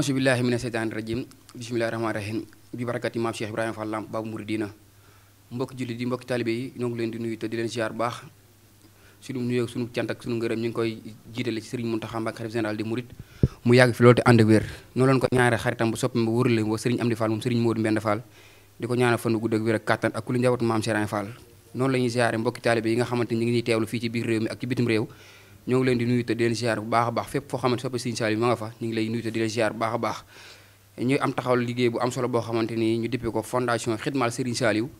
auzu billaahi mina seytaani rajiim bismillaahi rahmaani bi barakati maam Cheikh Ibrahima Fall Lamp Baabu Muridina mbokki jullit yi mbokki taalibe yi ñoo leen di nuyu di leen ziar baax sunu nuyoo sunu cant ak sunu ngërëm ñu ngi koy jiitale ci Serigne mu yàgg fi loolu ko ñaanal xaritam bu soppam bu wërale woo Serigne Amdi Fall moom Serigne Modou Mbend Fall di ko ñaanal fan bu gudd ak ak kàttan ak ku li maam Cheikh Ibrahima noonu la ñuy ziare mbokki taalibe ñoo ngi leen di nuyu te di leen ziar bu baax a baax fépp foo xamante soppe Serigne Saliou ma nga fa ñu ngi lay nuyu di leen ziar baax a baax ñu am taxawal liggéey bu am solo boo xamante ni ñu dippee ko fondation xidmal Serigne Saliou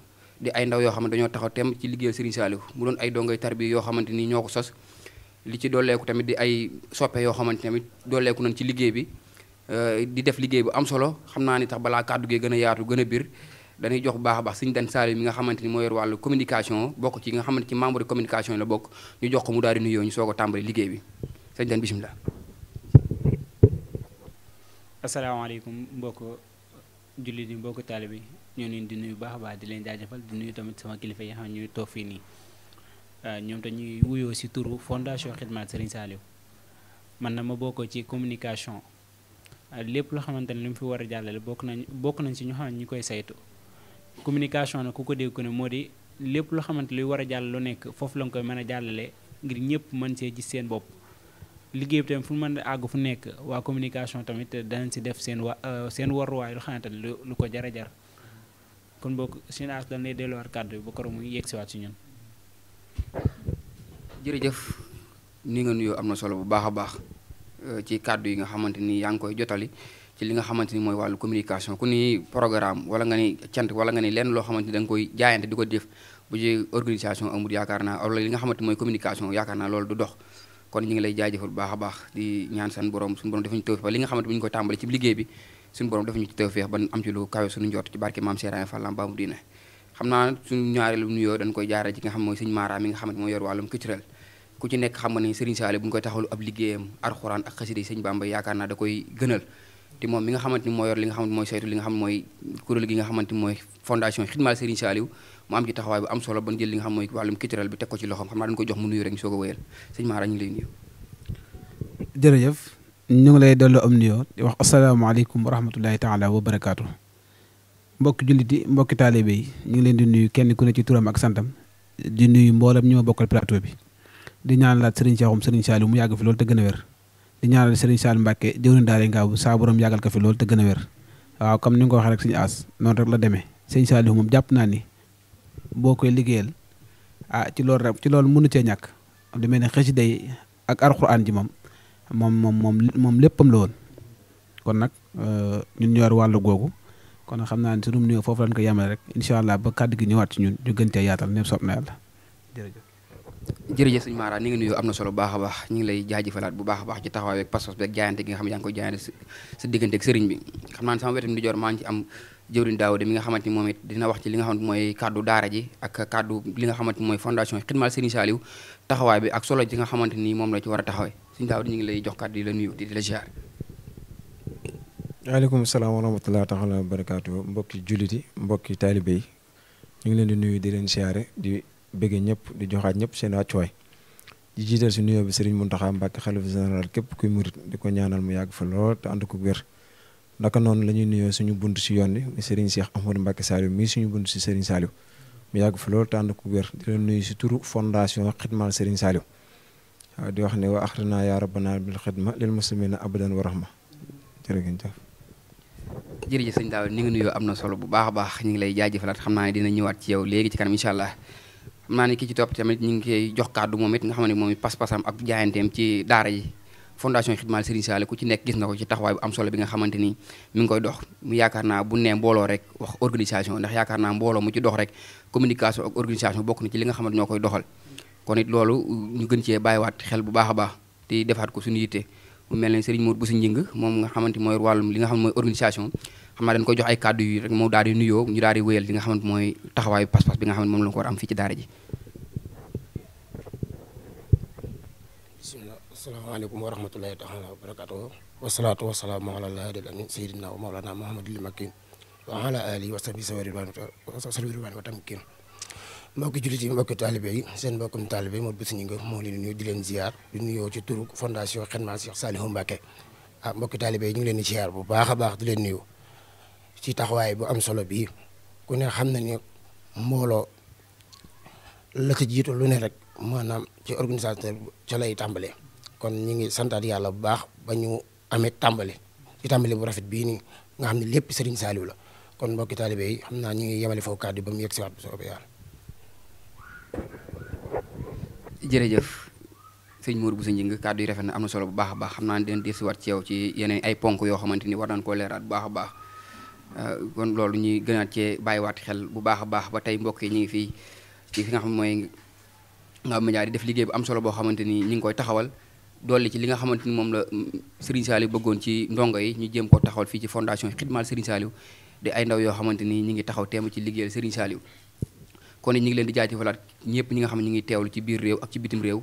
di ay ndaw yoo xamante dañoo taxaw tem ci liggéeyal Serigne Saliou mu doon ay dongay tarbi yoo xamante ni ñoo ko sos li ci dooleeku tamit di ay soppe yoo xamante tamit dooleeku nañ ci liggéey bi di def liggéey bu am solo xam naa ni tax balaa kàddu gee gën a yaatu gën a biir dañuy jox bu baax baax suñu den Saalim mi nga xamante ni moo yor wàllu communication bokk ci nga xamante ci membre de communication yi la bokk ñu jox ko mu daal di nuyoo a tàmbali liggéey bi sëñ den bisimilah. asalaamaaleykum mbokki yi mbokki taalibe yi ñoo leen di nuyu baax a baax di leen jaajëfal di nuyu tamit sama kilifa yi xam ne fii nii ah, ñoom te ñuy si turu fondation Xidmaat Serigne Saliou na ma bokkoo ci communication ah, lépp loo xamante ne li war a jàllale bokk nañ bokk nañ si ñu xam ñu koy saytu. communication nag ku ko dégg ko ne moo di lépp loo xamante luy war a jàll lu nekk foofu la nga koy mën a jàllale ngir ñëpp mën see gis seen bopp liggéey bi tamit fu mën a àgg fu nekk waa communication tamit danañ si def seen wa euh, seen waruwaay lu xamante ne lu ko jar a jar kon boog seen as dañ lay delluwaat kàddu bi ba koro muy yegg siwaat si ñun jërëjëf ni nga nuyoo am na solo bu baax a baax euh, ci kàddu yi nga xamante ni yaa ngi koy jotali ci li nga xamante ni mooy wàllu communication ku ni programme wala nga ni cant wala nga ni lenn loo xamante ni da nga koy jaayante di ko def bu ji organisation amul yaakaar naa wala li yaakaar naa loolu du dox kon ñu lay jaajëfal bu baax a baax di ñaan san borom suñu borom defuñu ñu ko tàmbali ci liggéey am ci lu kawe suñu njort ci barke maam Serigne Fall ba mu diine xam naa suñu ñaareelu nuyoo dañ koy jaare ci nga xam mooy sëñ yor wàllum culturel ku ci nekk xam nga ne Serigne Saliou bu ñu koy taxalu ab liggéeyam alxuraan ak xasida yi sëñ Bamba yaakaar naa te moom mi nga xamante ni moo yor li nga xamante mooy saytu li nga xam mooy kuréel gi nga fondation xidmaal Serigne Saliou mu am ci taxawaay bu am solo ban jël li nga xam mooy mu nuyu rek ñu soog a wéyal sëñ Mara ñu ngi lay nuyu jërëjëf ñu ngi lay delloo am nuyoo di wax asalaamaaleykum wa rahmatullahi taala wa barakaatu mbokki jullit mbokki taalibe yi ñu ngi leen di nuyu kenn ku ne ci turam ak santam di nuyu mboolem ñi ma bokkal plateau bi di ñaan laat Serigne Cheikhoum Serigne Saliou mu yàgg fi loolu te gën a wér di ñaanal Serigne Saliou Mbacke jëwriñ daara Ngabou saa borom yàggal ko fi loolu te gën a wér waaw comme ni nga ko waxee rek suñu as noonu rek la demee Serigne Saliou moom jàpp naa ni boo koy liggéeyal ah ci loolu rek ci loolu mënu cee ñàkk lu mel ne xasida yi ak alxuraan ji moom moom moom moom moom léppam la woon kon nag euh, ñun ñor wàllu googu kon xam naa ne sunu nuyoo foofu lañ ko yemale rek incha allah ba kàdd gi ñëwaat ci ñun ñu gën cee yaatal ñëpp soob na yàlla jërëjëf sëñ Mara ni nga nuyoo am na solo bu baax a baax ñu ngi lay jaajëfalaat bu baax a baax ci taxawaay ak pas-pas beeg jaayante gi nga xam ne yaa ngi koy jaayante sa diggante ak sëriñ bi xam naa ne sama wetam di joor maa ni moom it dina wax ci li nga xamante mooy kàddu daara ji ak kàddu li nga xamante mooy fondation xidmal sëriñ Saliou taxawaay bi ak solo ji nga xamante ni moom la ci war a taxawee sëñ daaw ñu ngi lay jox kàddu di la nuyu di la ziar waaleykum salaam wa rahmatulah taala wa yi mbokki taalibe yi ñu ngi leen di nuyu di leen siyaare bëggee ñëpp di joxaat ñëpp seen wàccuwaay di jiital si nuyoo bi Serigne Mountakha Mbacké xalifa général képp kuy murit di ko ñaanal mu yàgg fa lool te ànd ku wér naka noonu la ñuy nuyoo suñu bunt si yoon bi Serigne Cheikh Ahmadou Mbacké Saliou mii suñu bunt si Serigne Saliou mu yàgg fa lool te ànd ko wér di leen si turu fondation xidmal Serigne Saliou waaw di wax ne wa axrina yaa rabbana bil xidma lil muslimina abadan wa ma jërëjëf jërëjëf sëñ Daawda ni ngi nuyoo am na solo bu baax baax ñu ngi lay jaajëfalaat xam naa ne ñëwaat ci yow léegi ci kanam incha allah xam naa ki ci topp tamit ñu ngi koy jox moom it nga xam ne moom it pas-pasam ak jaayanteem ci daara yi fondation Xidmal Serigne Saliou ku ci nekk gis na ko ci taxawaay bu am solo bi nga xamante ni koy dox mu yaakaar naa bu nee rek wax organisation ndax yaakaar naa mbooloo mu ci dox rek communication ak bokk na ci li nga xam ne ñoo koy doxal kon it loolu ñu gën cee waat xel bu baax a baax te defaat ko suñu yitte mu mel ne Serigne Mour bu sa njëng moom nga xamante mooy wàllum li nga xam ne mooy organisation xam naa dañ koy jox ay kàddu yu rek mu daal di nuyoo ñu daal di wéyal li nga xamante mooy taxawaayu pas-pas bi nga xam ne moom la ko war am fii ci daara ji. bisimilah asalaamaaleykum wa rahmatulahi taala wa barakatuh wasalaatu wasalaamu ala allahi dal amin sayidina wa maolana mahamadul makin wa ala alihi wa sahbi sa ridwaan wa tamkin mbokki jullit yi mbokki taalibe yi seen mbokkum taalibe yi moo bis ñu nga moo leen nuyu di leen ziar di nuyoo ci turu fondation Xidma Cheikh Saliou Mbacké ah mbokki taalibe yi ñu ngi leen di ziar bu baax a baax di leen nuyu ci taxawaay bu am solo bii ku ne xam na ni mbooloo la ko lu ne rek maanaam ci organisateur ca lay tàmbale kon ñu ngi santaat yàlla bu baax ba ñu amee tàmbali ci tàmbale bu rafet bii nii nga xam ne lépp sëriñ Saliou la kon mbokki taalibe yi xam naa ñu ngi yemale foofu kàddu ba mu yegg si waat bu soobee yàlla. jërëjëf sëñ Mour bu sa njëng kàddu yi rafet na am na solo bu baax a baax xam naa ne dinañ déglu si waat ci yow ci yeneen ay ponk yoo xamante ni war nañ koo leeraat bu a baax. Euh, kon loolu ñuy gënaat cee bàyyiwaat xel bu baax baax ba tey mbokk ñu ngi fii ci fi nga xam mooy nga média di def liggéey bu am solo boo xamante ni ñu ngi koy taxawal dool dolli ci li nga xamante ni moom la Serigne Saliou bëggoon ci ndongo yi ñu jéem ko taxawal fii ci fondation Xidmal Serigne Saliou di ay ndaw yoo xamante ni ñu ngi taxaw teem ci liggéeyal Serigne Saliou kon ñu ngi leen di jaajëfalaat ñëpp ñi nga xam ñu ngi teew teewlu ci biir réew ak ci bitim réew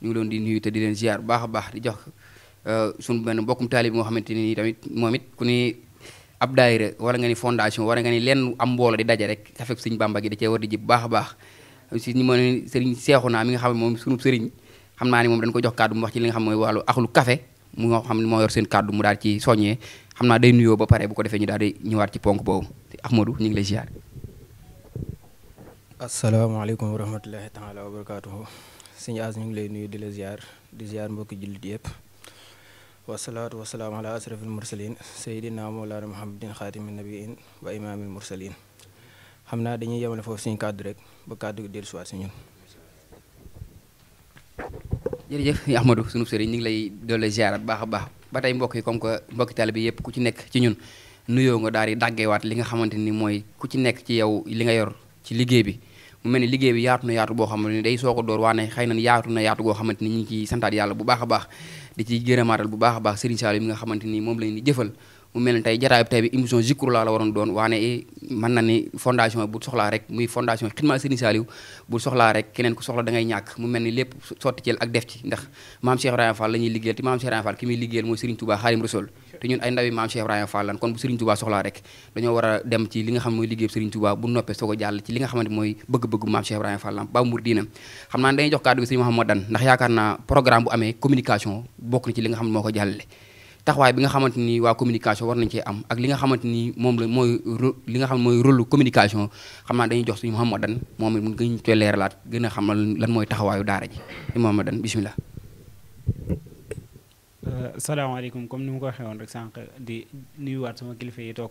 ñu ngi leen di nuyu te di leen ziar bu baax a baax di jox euh, suñu benn mbokkum taali bi moo xamante ni tamit moom it ab daayira wala nga ni fondation wara nga ni leen am mbooloo di daje rek safek sëñ bàmba gi da cee war di jib baax a baax si ñu ma ne sëriñ seexu naa mi nga xam ne moom sunu sëriñ xam naa ni moom dañ ko jox kàddu mu wax ci li nga xam mooy wàllu axlu café mu nga seen kàddu mu daal ci soññee xam naa day nuyoo ba pare bu ko defee ñu daa di ñëwaat ci ponk boobu Ahmadou ñu ngi lay ziar asalaamaaleykum wa rahmatullahi taala wa barakatuhu sëñ As ñu ngi lay nuyu di la ar di ziar mbokki jullit yëpp wasalaatu wasalaam ala asrafil mursalin sayidina moolaana muhammadin xaatimi nabiin wa imaamil mursalin xam naa dañuy yemale foofu suñu kàddu rek ba kàddu gi dellu si waat si ñun. jërëjëf Ahmadou sunu ñu ngi lay doole ziar bu baax baax ba tey mbokk yi comme que mbokki bi yëpp ku ci nekk ci ñun nuyoo nga daal di dàggeewaat li nga xamante ni mooy ku ci nekk ci yow li nga yor ci liggéey bi. mu mel ni liggéey bi yaatu na yaatu boo xamante ni day soo ko door waane xëy na yaatu na yaatu goo xamante ni ñu ngi santaat yàlla bu baax a baax di ci gërëmaatal bu baax a baax Serigne Saliou mi nga xamante ni moom lañu jëfal mu mel ne tey jataay bi tey bi émission Zikru laa la waroon doon waane mën na ni fondation bu soxlaa rek muy fondation Xidmal Serigne Saliou bu soxlaa rek keneen ku soxla da ngay ñàkk mu mel ni lépp sotti ci ak def ci ndax maam Cheikh Ibrahima Fall la ñuy liggéeyal te maam Cheikh Ibrahima Fall ki muy liggéeyal mooy Serigne Touba Xaadim Rasul te ñun ay ndawi maam Cheikh Ibrahima Fall lan kon bu Serigne Touba soxlaa rek dañoo war a dem ci li nga xam mooy liggéey Serigne Touba bu noppee soo ko jàll ci li nga xamante mooy bëgg-bëgg maam Cheikh Ibrahima ba mur diinam xam naa dañuy jox kàddu gi Serigne xam ne moo xamante ni waa communication war nañ cee am ak li xamante ni moom la mooy li nga mooy rôle communication xam naa dañuy jox Serigne Mouhamadane moom it mun gën cee gën a xamal lan mooy taxawaayu daara ji dan bismillah Euh, salaamaaleykum comme ni ma ko waxee woon rek sànq di nuyuwaat sama kilifa yi toog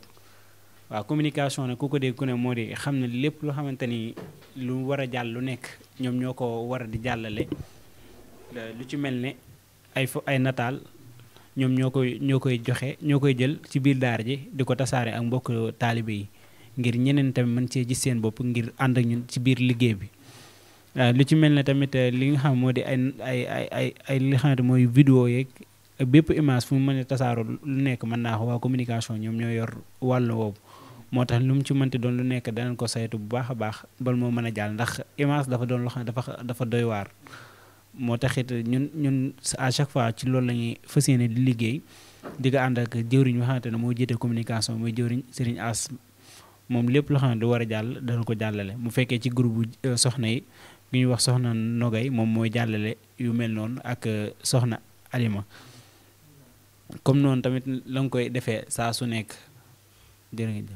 waaw communication nag ku ko dégg ku ne moo di xam ne lépp lu xamante ni lu war a jàll lu nekk ñoom ñoo ko war a di jàllale euh, lu ci mel ne ay fo ay nataal ñoom ñoo koy ñoo koy joxe ñoo koy jël ci biir daar ji di ko tasaare ak mbokk taalibe yi ngir ñeneen tamit mën cee gis seen bopp ngir ànd ak ñun ci biir liggéey bi. Euh, lu ci mel ne tamit li nga xam moo di ay ay ay mooy vidéo yeeg ak bépp image fu mu mën a tasaaroo lu nekk mën naa wax waa communication ñoom ñoo yor wàllu woowu moo tax lu mu ci mënti doon lu nekk danañ ko saytu bu baax a baax bal moo mën a jàll ndax image dafa doon loo xam ne dafa dafa doy waar moo tax it ñun ñun à chaque fois ci loolu la ñuy fas yéene di liggéey di ko ànd ak jëwriñ bi xamante ne moo jiite communication mooy jëwriñ sëriñ As moom lépp loo xam ne du war a jàll dana ko jàllale mu fekkee ci groupe bu euh, soxna yi bu ñuy wax soxna Nogay moom mooy jàllale yu mel noonu ak euh, soxna Alima comme noonu tamit la nga koy defee saa su nekk jërëjëf.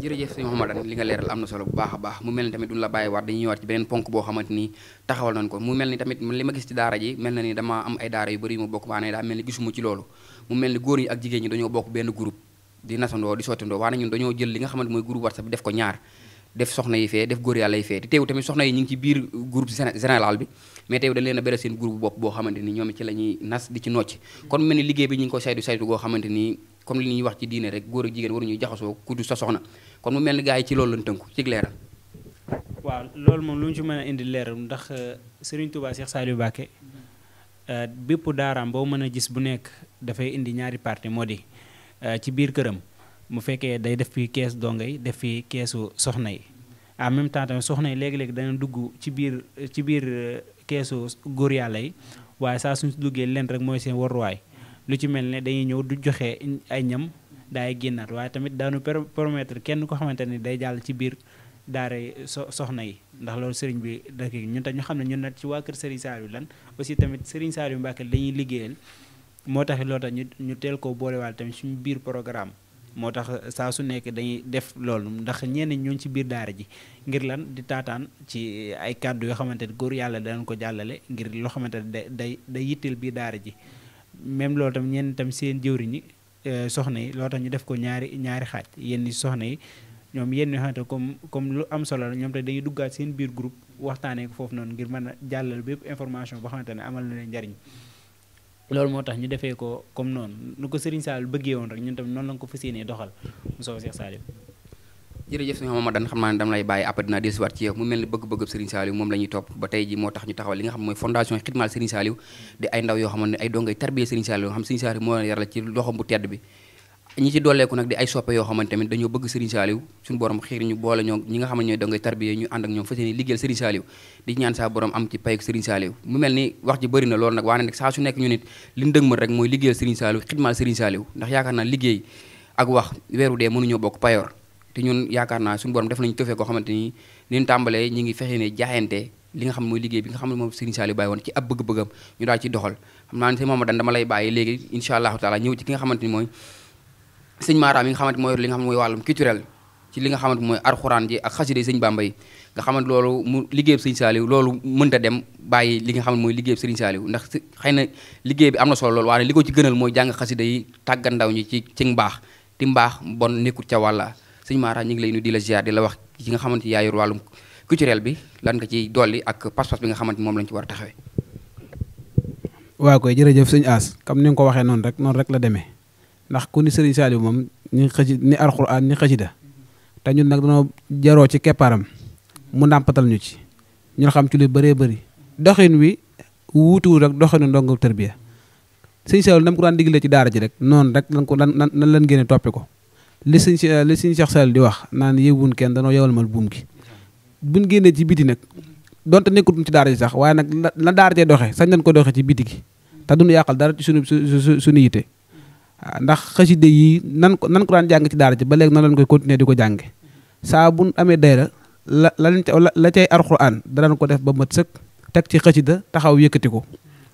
jërëjëf sëñ Mouhamadane li nga leeral am na solo bu baax a baax mu mel ni tamit duñu la bàyyi waat dañuy ñëwaat ci beneen ponk boo xamante ni taxawal nañ ko mu mel ni tamit li ma gis ci daara ji mel na ni dama am ay daara yu bëri yu ma bokk maanaam daa mel ni gisuma ci loolu mu mel ni góor ñi ak jigéen ñi dañoo bokk benn groupe di nasandoo di sottandoo waaye ñun dañoo jël li nga xamante mooy groupe WhatsApp def ko ñaar def soxna yi fee def góor yàlla yi fee te ñu ngi ci biir groupe général bi mais tey dañ leen a beral seen groupe bopp boo xamante ni ñoom ci la ñuy nas di ci nocc kon mel ni liggéey bi ñu ngi ko saytu saytu goo xamante comme li ñuy wax ci diine rek góor ak jigéen waruñuy jaxasoo ku sa soxna kon mu mel ni gars yi ci loolu lañ tënku ci waaw loolu moom lu ci mën a indi leeral ndax euh, Serigne Touba Cheikh Saliou Mbacké euh, bépp daaraam boo mën a gis bu nekk dafay indi ñaari parti moo di euh, ci biir këram mu fekkee day def fi kees donga yi def fi keesu soxna yi en même temps tamit soxna yi léegi-léegi dana dugg ci biir ci biir keesu góor yàlla yi waaye saa suñ si duggee leen rek mooy seen waruwaay lu ci mel ne dañuy ñëw du joxe ay ñam daay génnaat waaye tamit daanu promettre kenn ko xamante ni day jàll ci biir daare so soxna yi ndax loolu sëriñ bi dëkk ñun tam ñu xam ne ñun nag ci waa kër Serigne Saliou lan aussi tamit Serigne Saliou Mbacké lañuy liggéeyal moo tax loolu tax ñu ñu teel koo boolewaal tamit suñu biir programme moo tax saa su nekk dañuy def loolu ndax ñenn ñu ngi ci biir daara ji ngir lan di taataan ci ay kàddu yoo xamante ni góor yàlla danañ ko jàllale ngir loo xamante ni day day day yitteel biir daara ji même lool tam ñenn tam seen jëwriñ yi euh, soxna yi loo tax ñu def ko ñaari ñaari xaaj yenn soxna yi ñoom yenn yoo xamante comme comme lu am solo la ñoom te dañuy duggaat seen biir groupe waxtaanee ko foofu noonu ngir mën a jàllal bépp information boo xamante ne amal na leen njariñ loolu moo tax ñu defee ko comme noonu nu ko Serigne Sall bëggee woon rek ñun tamit noonu la nga ko fas yéenee doxal mu soow Cheikh Saliou jërëjëf sëñ Mamadou xam ne dama lay bàyyi après dinaa dellusiwaat ci yow mu mel ni bëgg-bëgg Serigne Saliou moom la topp ba tey ji moo tax ñu taxawal li nga xam mooy fondation xidmaal Serigne Saliou di ay ndaw yoo xamante ne ay dongay tarbiya Serigne Saliou xam Serigne Saliou moo leen yaral ci loxom bu tedd bi ñi ci dolleeku nag di ay soppe yoo xamante dañoo bëgg Serigne Saliou suñu borom xiir ñu boole ñoo ñi nga xam ne ñooy dongay tarbiye ñu ànd ak ñoom fas yéene liggéeyal Serigne Saliou di ñaan saa borom am ci payuk Serigne yaakaar naa liggéey ak wax weeru dee mënuñoo bokk payoor def nañu tëfee koo xamante ni liñ tàmbalee ngi fexe ne jaayante li nga xam ne mooy liggéey nga xam ne moom Serigne Saliou bàyyi woon ci ab bëgg-bëggam ñu daal mooy sëñ maaraam yi nga xamante mooy yor li nga xam ne mooy wàllum culturel ci li nga xamante mooy arxuraan ji ak xasida sëñ Bàmba yi nga xamante loolu mu liggéeyab sëñ Saaliw loolu mënta dem bàyyi li nga xam ne mooy liggéeyab sëriñ Saaliw ndax xëy na liggéey bi am na solo loolu waaye li ko ci gënal mooy jàng xasida yi tàggat ndaw ñi ci ci mbaax ti mbaax bon nekkul ca wàlla sëñ maaraam ñu ngi lay nuyu di la ziar di la wax ci nga xamante yaa yor wàllum culturel bi lan nga ciy dolli ak pas bi nga xamante moom lañ ci war a taxawee koy jërëjëf sëñ As comme ni nga ko waxee noonu rek noonu rek la demee ndax ku ni Serigne Saliou moom ni xësi ni alxuraan ni xasida te ñun nag dañoo jaroo ci keppaaram mu nampatal ñu ci ñun xam ci lu bëree bëri doxin wi wuutiwul rek doxinu ndongo tërbiya sëñ Saliou nam ko daan digle ci daara ji rek noonu rek lan ko lan lan lan génne toppi ko li sëñ li sëñ Cheikh Saliou di wax naan yëwun kenn danoo yewal mal buum gi buñ génnee ci biti nag donte nekkutum ci daara ji sax waaye nag la daara jee doxe sañ nañ ko doxe ci biti gi te duñu yàqal dara ci suñu su suñu yite ndax xaside yi nan ko nan ko daan jàng ci daara ci ba léegi noonu lañ koy continuer di ko jànge saa bu amee dayra la la la cay alxuraan danañ ko def ba mat sëkk teg ci xasida taxaw yëkkati ko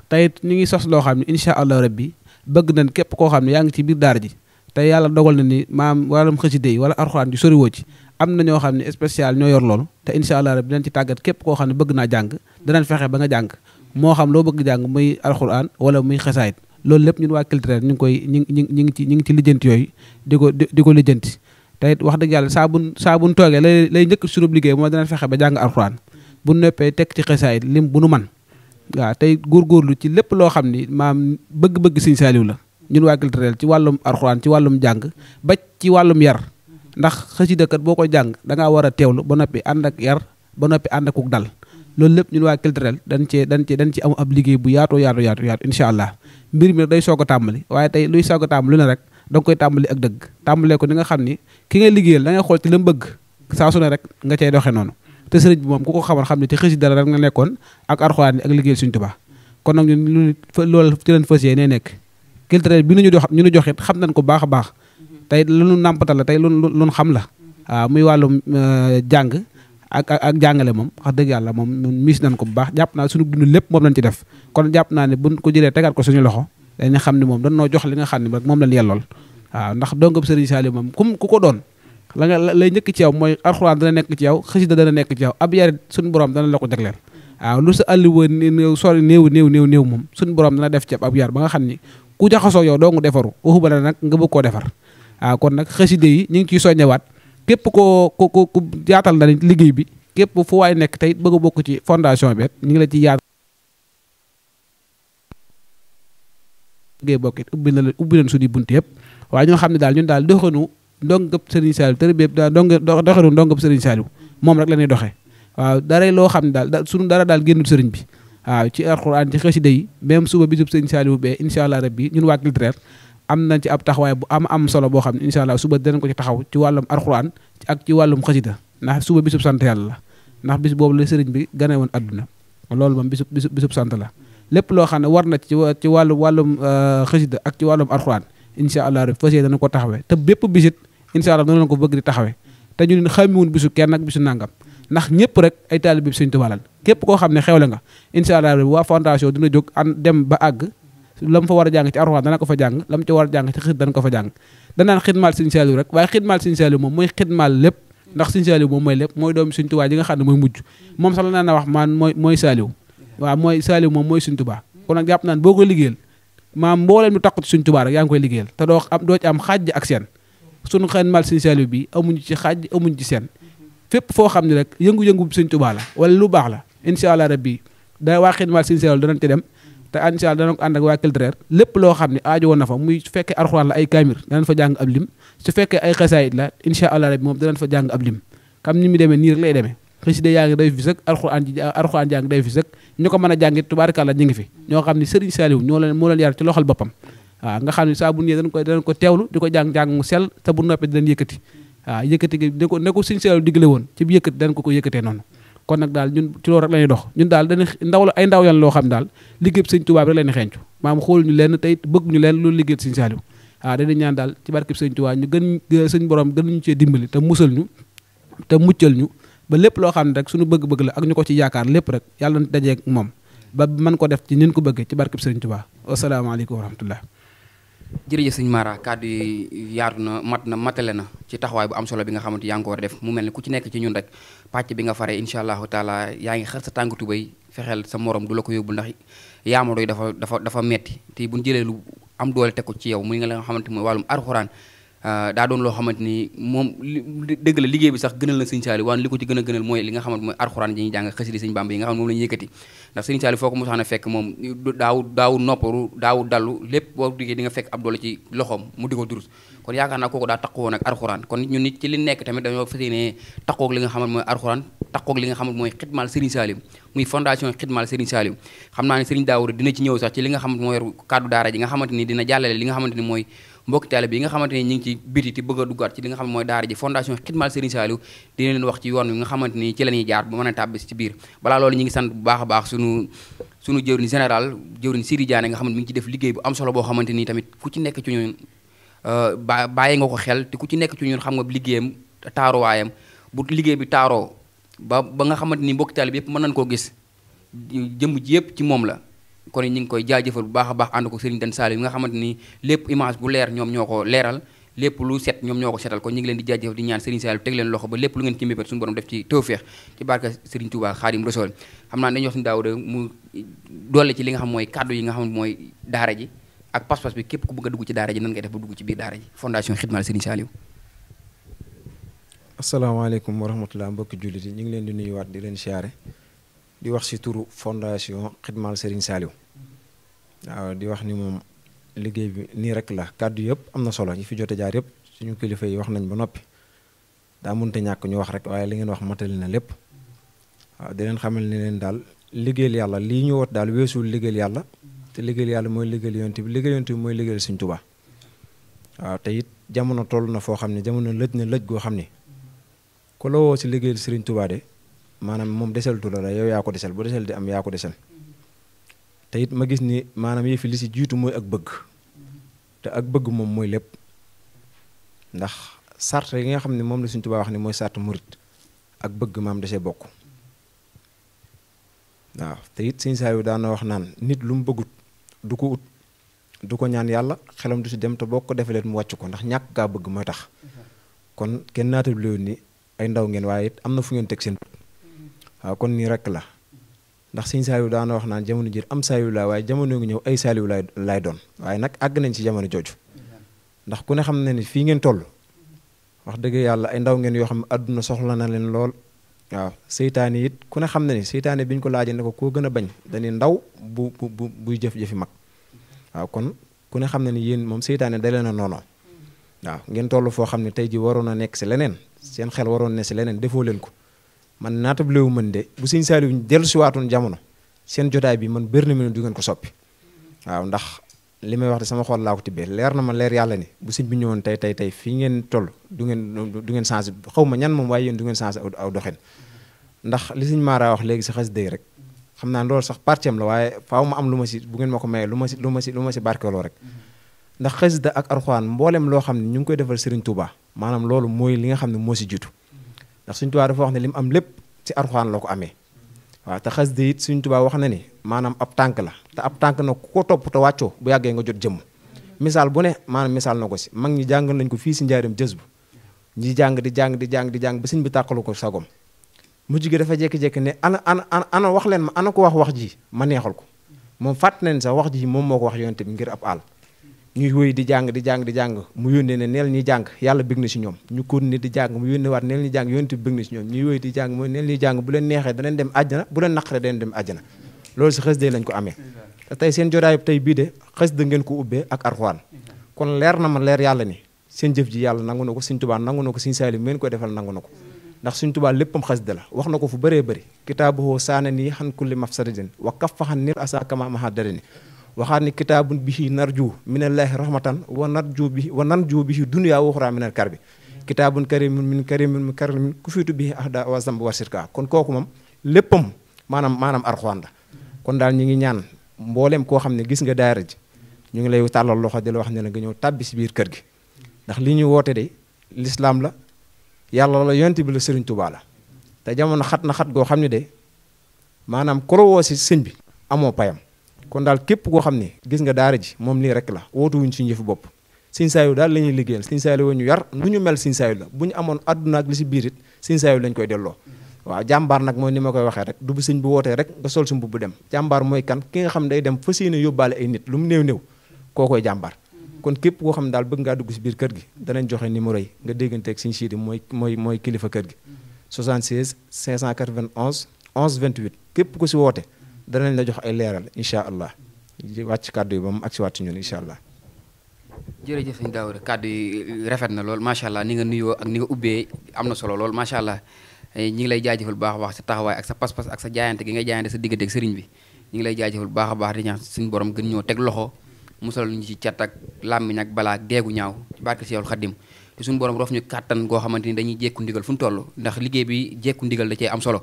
tey it ñu ngi sos loo xam ne incha allah rabbi bëgg nañ képp koo xam ne yaa ngi ci biir daar ji te yàlla dogal na ni maam wàllum xaside yi wala alxuraan ji soriwoo ci am na ñoo xam ne spécial ñoo yor loolu te incha allah bi dinañ ci tàggat képp koo xam ne bëgg naa jàng danañ fexe ba nga jàng moo xam loo bëgg jàng muy alxuraan wala muy xasaayit loolu lépp ñun waa culturel ñu ngi koy ñu ñu ngi ci ñu ngi ci lijjanti yooyu di ko di ko lijjanti te it wax dëgg saa bun saa bun toogee lay lay njëkk surub liggéey moo dana fexe ba jàng alxuraan bu noppee teg ci xasaayit lim bu nu man waaw tey góorgóorlu ci lépp loo xam ni maam bëgg-bëgg Sëñ Saaliw la ñun waa culturel ci wàllum alxuraan ci wàllum jàng ba ci wàllum yar ndax xasida kat boo koy jàng da ngaa war a teewlu ba noppi ànd ak yar ba noppi ànd ak dal loolu lépp ñun waa culturel dañ cee dañ cee dañ ci am ab liggéey bu yaatoo yaatu yaatu yaatu incha allah mbir mi day soog a tàmbali waaye tey luy soog a tàmbali ne rek da nga koy tàmbali ak dëgg tàmbalee ko ni nga xam ni ki ngay liggéeyal da ngay xool ci la mu bëgg saa su ne rek nga cay doxee noonu te sëriñ bi moom ku ko xamoon xam ne ci xësi dara rek nga nekkoon ak arxuraan yi ak liggéeyal suñu Tuubaa kon nag ñun loolu ci leen fas yéenee nekk culturel bi ñu dox ñu nu joxit xam nañ ko baax a baax mm-hmm. tey lu nu nàmpatal la tey lu lu xam la mm-hmm. waaw muy wàllum euh, jàng ak ak moom wax dëgg yàlla moom ñun miis nañ ko bu baax jàpp naa suñu dund lépp moom lañ ci def kon jàpp naa ne buñ ko jëlee tegaat ko ne moom dañ noo jox li nga xam ne rek moom lañ yellool waaw ndax dongab sëriñ Saliou moom kum ku ko doon la nga lay njëkk ci yow mooy alxuraan dana nekk ci yow dana nekk ci yow ab yarit suñu borom dana la ko jagleel waaw lu sa àlliwa néew sori néew néew néew néew moom suñu borom dana def ci ab yar ba nga xam ni ku jaxasoo yow doo nga defaru waxu ba nag nga bëgg koo defar waaw kon nag xasida yi ñu ngi ciy soññewaat képp koo ko ko ku yaatal na liggéey bi képp fu waay nekk tey bëgg bokk ci fondation bi ñu ngi la ci yaatal liggéey bokkit na la bunt yëpp waaye ñoo xam ne daal ñun daal doxanu ndongab Serigne Saliou tër bépp daal dong doxanu ndongab Serigne Saliou moom rek la doxe doxee waaw dara loo xam ne daal suñu dara daal génnul sëriñ bi waaw ci alxuraan ci xasida yi même suba bisub Serigne Saliou bee incha allah rabbi ñun waa culturel am nañ ci ab taxawaay bu am am solo boo xam ne incha allah la ndax bis boobu la sëriñ bi gane woon àdduna loolu moom la lépp loo xam ne war na ci ci wàllu wàllum euh, xasida ak ci wàllum alxuraan incha allah rek fas yéene dana ko taxawee te bépp ko bëgg di taxawee te ñu xàmmiwun bisu kenn ak bisu nàngam ndax ñëpp rek ay taalibe bi Sëriñ Tuubaa lañ képp koo xam ne xewle nga incha allah waa fondation dina jóg an dem ba àgg la mu fa war a jàng ci Alxuraan dana ko fa jàng la mu ci war a jàng ci xit dana ko fa jàng danaan xidmaal Sëñ Saaliw rek waaye xidmaal Sëñ Saaliw moom mooy xidmaal lépp ndax Sëñ Saaliw moom mooy lépp mooy doomi Sëñ Tuubaa ji nga xam ne mooy mujj moom sax la naan a wax maan mooy mooy Saaliw waaw mooy Saaliw moom mooy Sëñ Tuubaa kon nag jàpp naan boo ko liggéeyal maam mbooleem lu takku ci Sëñ Tuubaa rek yaa ngi koy liggéeyal te doo am doo ci am xaaj ak seen sunu xidmaal Sëñ Saaliw bi amuñu ci xaaj amuñu ci seen fépp foo xam ne rek yëngu-yëngu Sëñ Tuubaa la wala lu baax la incha allah rabbi da waa xidmaal Sëñ Saaliw danañ ci dem te incha allah dana ko ànd waa culturel lépp loo xam ne aajo woon na fa muy su fekkee arxuraan la ay kaamir danañ fa su fekkee ay xasaayit la incha allah rabbi moom danañ fa jàng ab lim ni mu demee nii rek lay demee xasida yaa ngi ko mën a jàngit tubaarkàlla ñu ngi fi ñoo xam ne sëriñ Saliou ñoo leen moo leen yar ci loxol boppam waaw nga xam ne teewlu di ko jàng-jàng sel sell te bu yëkkati waaw yëkkati gi ko ne woon ci ko ko yëkkatee noonu kon nag daal ñun ci loolu rek la dox ñun daal dañuy ndawla la ay ndaw loo xam daal liggéey sëñ Tuubaa bi rek la ñuy xencu maam xool ñu leen tey bëgg ñu leen lu liggéey sëñ Saaliw waaw dañuy ñaan daal ci barkeb sëñ Tuubaa ñu gën sëñ borom gën ñu cee dimbali te musal ñu te muccal ñu ba lépp loo xam ne rek suñu bëgg-bëgg la ak ñu ko ci yaakaar lépp rek yàlla na moom ba mën ko def ci nin ko bëggee ci barkeb sëñ Tuubaa wasalaamaaleykum wa rahmatullah jërëjëf sëñ Mara kàddu yi yaatu na mat na matale na ci taxawaay bu am solo bi nga xamante yaa ngi def mu mel ni ku ci nekk ci ñun rek pàcc bi nga faree incha allahu taala yaa ngi xar sa tànk tubéy fexeel sa moroom du la ko yóbbul ndax yaamado yi dafa dafa dafa metti te buñ jëlee lu am doole teg ko ci yow muy nga la nga xamante mooy wàllum alxuraan Euh, daa doon loo xamante ni moom dëgg la liggéey bi sax gënal na sëñ Saaliw waan li ko ci gën gënal mooy li nga xamante mooy arxuraan yi ñuy jàng xasida sëñ a fekk moom daaw daaw ko durus kon daa taqoon ak nekk tamit dañoo fas yéene taqoog mooy arxuraan taqoog li nga xamante naa ne sëriñ Daawuda dina ci ñëw sax ci ni dina jàllale li nga xamante ni mooy mbokki taalibe yi nga xamante ni ñi ngi ci biti ti bëgg a duggaat ci li nga xam ne mooy daara ji fondation xidmal Serigne Saliou dina leen wax ci a tàbbis ci biir balaa loolu ñi ngi sant bu baax a baax sunu sunu jëwriñ général jëwriñ Siri nga xam ne mi ngi ci def liggéey bu am solo boo xamante nii tamit ku ci nekk ci ñun euh, ba bàyyi nga ko xel te ku ci nekk ci ñun xam nga liggéeyam taaruwaayam bu liggéey bi taaroo ba ba nga xamante ni mbokki taalibe yëpp mën nañ koo gis jëmm ji yëpp ci moom la kon ñu ngi koy jaajëfal bu baax a baax ànd ko Serigne Dan Saliou yi nga xamante ni lépp image bu leer ñoom ñoo ko leeral lépp lu set ñoom ñoo ko setal kon ñu ngi leen di jaajëfal di ñaan Serigne Saliou teg leen loxo ba lépp lu ngeen naa dañuy wax ni doole ci li nga xam mooy kàddu yi nga xam mooy daara ji ak pas-pas ku bëgg dugg ci daara ji nan ngay def ba dugg ci biir daara ji fondation Xidmal Serigne Saliou asalaamaaleykum wa rahmatulah ñu ngi leen di nuyuwaat di leen siyaare di wax si turu fondation Xidmal Serigne Saliou waaw di wax ni moom liggéey bi nii rek la kàddu yëpp am na solo ñi fi jote jaar yëpp suñu kilifa yi wax nañ ba noppi daa mun te ñàkk ñu wax rek waaye li ngeen wax matali na lépp waaw di leen xamal ni leen daal liggéeyal yàlla lii ñu wat daal weesuwul liggéeyal yàlla te liggéeyal yàlla mooy liggéeyal yonent bi liggéeyal bi mooy liggéeyal Sëñ Tuubaa waaw te it jamono toll na foo xam ne jamono lëj na lëj goo xam ni ku la woo si liggéeyal Sëriñ Tuubaa de maanaam moom deseltu la la yow yaa ko desel bu desel di am yaa ko desel te it ma gis ni maanaam fi li si jiitu mooy ak bëgg te ak bëgg moom mooy lépp ndax sart yi nga xam ne moom la Sëriñ Tuubaa wax ni mooy sart murit ak bëgg maam da see bokk waaw te it Sëriñ Saaliw daan na wax naan nit lu bëggut du ko du ko ñaan yàlla xelam du si dem te boo ko defalee mu wàcc ko ndax ñàkk kaa bëgg mooy tax kon kenn naata léew ni ay ndaw ngeen waaye am na fu ngeen teg seen waaw kon nii rek la ndax sëñ saaliw daana wax naan jamono ji am saaliw laa waaye jamono ñëw ay saaliw laay laay doon waaye nag àgg nañ ci jamono jooju ndax ku ne xam ne ni fii ngeen toll wax dëgg yàlla ay ndaw ngeen yoo xam ne àdduna soxla na leen lool waaw seytaane it ku ne xam ne ni seytaane biñ ko laajee ne ko koo gën a bañ dañuy ndaw bu bu bu buy jëf-jëfi mag waaw kon ku ne xam ne ni yéen moom seytaane dalee na noonu waaw ngeen toll foo xam ne tey ji waroon a nekk si leneen seen xel waroon ne si leneen defoo leen ko man naatable wu man de bu sëñ Saliou dellu si waatoon jamono seen jotaay bi man bër na ma ne du ngeen ko soppi waaw ndax li may wax de sama xol laa ko tibbee leer na ma leer yàlla ni bu si bi ñëwoon tey tey tey fii ngeen toll du ngeen du ngeen changé xaw ma ñan moom waaye yéen du ngeen changé aw doxin ndax li sëñ Mara wax léegi si xas day rek xam naa loolu sax partie la waaye faaw ma am lu ma si bu ngeen ma ko mayee lu ma si lu ma si lu ma si barkeeloo rek ndax xasida ak arxuwaan mboolem loo xam ne ñu ngi koy defal Serigne Touba maanaam loolu mooy li nga xam ne moo si jiitu ndax suñ tubaa dafa wax ne li mu am lépp ci arxuraan la ko amee waaw te xas de it suñ tubaa wax na ni maanaam ab tànk la te ab tànk na ku ko topp te wàccoo bu yàggee nga jot jëmm misaal bu ne maanaam misaal na ko si mag ñi jàngal nañ ko fii si njaarim jës bu ñi jàng di jàng di jàng di jàng ba sëñ bi tàqalu ko sagom mu gi dafa jékki-jékki ne ana ana ana wax leen ma ana ko wax wax ji ma neexal ko moom fàtt nañ sax wax ji moom moo ko wax yonent bi ngir ab àll ñuy wéy di jàng di jàng di jàng mu yónnee ne neel ñuy jàng yàlla bëgg na si ñoom ñu continuer di jàng mu yónnee waat neel ñuy jàng yónnee bëgg na si ñoom ñuy wéy di jàng mooy neel ñuy jàng bu leen neexee danañ dem àjjana bu leen naqaree danañ dem àjjana loolu si xasida lañ ko amee te tey seen jotaay tey bii de xasida ngeen ko ubbee ak arxuwaan kon leer na ma leer yàlla ni seen jëf ji yàlla nangu na ko Sëñ Tuubaa nangu na ko Sëñ Saalim meen koy defal nangu na ko ndax Sëñ Tuubaa léppam la wax na ko fu bëree bëri kitaabuhu saana nii xan kulli mafsaridin wa kaf faxan nir asa kama waxaat ni kitaabun bihi narju minallaahi rahmatan wa narju bi wa nanju bihi dunya wa uxra minal karbi kitaabun karimun min kar min karimin ku fiitu bihi ahda wa zamba wa sirka kon kooku moom léppam maanaam maanaam arxuwaan la kon daal ñu ngi ñaan mbooleem koo xam ne gis nga daara ñu ngi lay tàllal loxo di la wax ne nga ñëw tàbbi si biir kër gi ndax li ñu woote de lislaam la yàlla la yonent bi la sëriñ Tuubaa la te jamono xat na xat goo xam ne de maanaam korowoo si sëñ bi amoo payam kon daal képp koo xam ne gis nga daara ji moom lii rek la wootu si suñu yëfu bopp Sëñ Saaliw daal la ñuy liggéeyal Sëñ Saaliw wo ñu yar nu ñu mel Sëñ Saaliw la bu ñu amoon àdduna ak si biir it Sëñ Saaliw lañ koy delloo waaw jàmbaar nag mooy ni ma koy waxee rek du bu bu wootee rek nga sol su mbubb dem jàmbaar mooy kan ki nga xam day dem fas yéene yóbbaale ay nit lu mu néew néew koo koy jàmbaar kon képp koo xam ne daal bëgg ngaa dugg si biir kër gi danañ joxe numéro yi nga déggante ak Sëñ Siidi mooy mooy mooy kilifa kër gi 76 591 11 28 képp ku si woote danañ la jox ay leeral incha allah di wàcc kàddu yi ba mu agsiwaat ci ñun allah. jërëjëf sëñ Daouda kàddu yi rafet na lool macha allah ni nga nuyoo ak ni nga ubbee am na solo lool macha allah eh, ñi ngi lay jaajëfal baax a baax sa taxawaay ak sa pas-pas ak sa jaayante gi nga jaayante sa diggante ak sëriñ bi ñi ngi lay jaajëfal bu baax a baax di ñaan suñu borom gën ñoo teg loxo musal ñu ci cat ak làmmiñ ak balaa deegu ñaaw ci barke si yow xaddim te suñu borom roof ñu kàttan goo xamante ni dañuy jékku ndigal fu ñu toll ndax liggéey bi jékku ndigal da am solo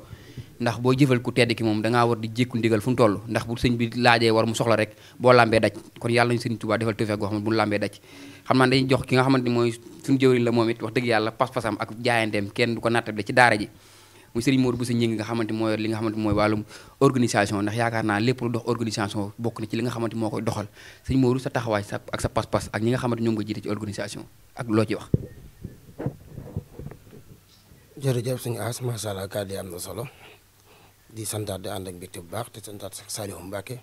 ndax boo jëfal ku tedd ki moom dangaa war di jékku ndigal fu mu toll ndax bu sëñ bi laajee war mu soxla rek boo lambee daj kon yàlla nañu sëñ Tuubaa defal tawfeex goo xam ne bu ñu lambee daj xam naa dañuy jox ki nga xamante mooy suñu jëwriñ la moom it wax dëgg yàlla pas-pasam ak jaayanteem kenn du ko nattable ci daara ji muy sëriñ nga xamante mooy li nga xamante mooy wàllum organisation ndax yaakaar naa lépp lu dox organisation bokk na ci moo koy doxal sëriñ Modou sa taxawaay ak sa pas-pas ak ñi nga xamante ñoom nga jiite ci organisation ak loo ci wax suñu as macha allah kàddu yi am solo di santaat di ànd ak mbégte bu baax te santaat sax Saliou Mbacke